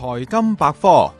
財金百科，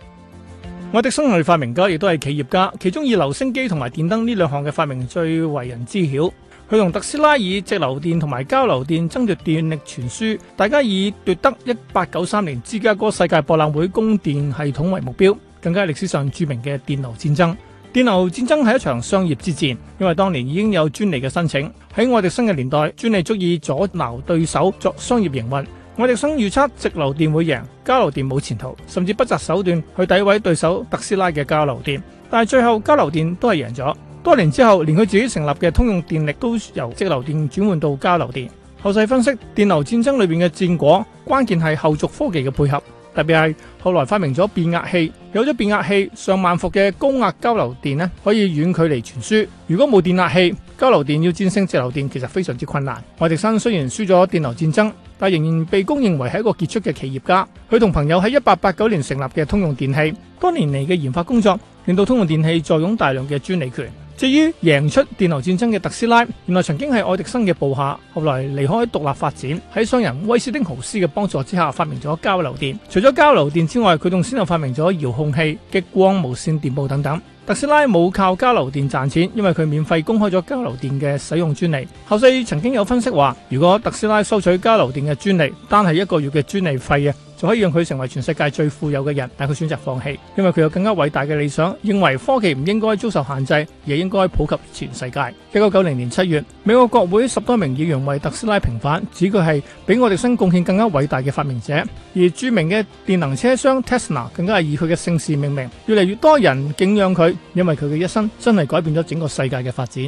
愛迪生係發明家，亦都係企業家，其中以留聲機同埋電燈呢兩項嘅發明最為人知曉。佢同特斯拉以直流電同埋交流電爭奪電力傳輸，大家以奪得一八九三年芝加哥世界博覽會供電系統為目標。更加係歷史上著名嘅電流戰爭。電流戰爭係一場商業之戰，因為當年已經有專利嘅申請，喺愛迪生嘅年代，專利足以阻撓對手作商業營運。我哋愛迪生預測直流電會贏，交流電冇前途，甚至不擇手段去詆毀對手特斯拉嘅交流電。但係最後交流電都係贏咗。多年之後，連佢自己成立嘅通用電力都由直流電轉換到交流電。後世分析，電流戰爭裏邊嘅戰果，關鍵係後續科技嘅配合，特別係後來發明咗變壓器。有咗變壓器，上萬伏嘅高壓交流電可以遠距離傳輸。如果冇電壓器，交流電要戰勝直流電其實非常之困難。愛迪生雖然輸咗電流戰爭，但仍然被公認為係一個傑出嘅企業家。佢同朋友喺一八八九年成立嘅通用電器，多年嚟嘅研發工作令到通用電器坐擁大量嘅專利權。至於贏出電流戰爭嘅特斯拉，原來曾經係愛迪生嘅部下，後來離開獨立發展，喺商人威斯汀豪斯嘅幫助之下發明咗交流電。除咗交流電之外，佢仲先後發明咗遙控器、激光、無線電報等等。特斯拉冇靠交流電賺錢，因為佢免費公開咗交流電嘅使用專利。後世曾經有分析話，如果特斯拉收取交流電嘅專利，單係一個月嘅專利費啊，就可以讓佢成為全世界最富有嘅人，但佢選擇放棄，因為佢有更加偉大嘅理想，認為科技唔應該遭受限制，而應該普及全世界。一九九零年七月，美國國會十多名議員為特斯拉平反，指佢係比愛迪生貢獻更加偉大嘅發明者，而著名嘅電能車商 Tesla 更加係以佢嘅姓氏命名。越嚟越多人敬仰佢，因為佢嘅一生真係改變咗整個世界嘅發展。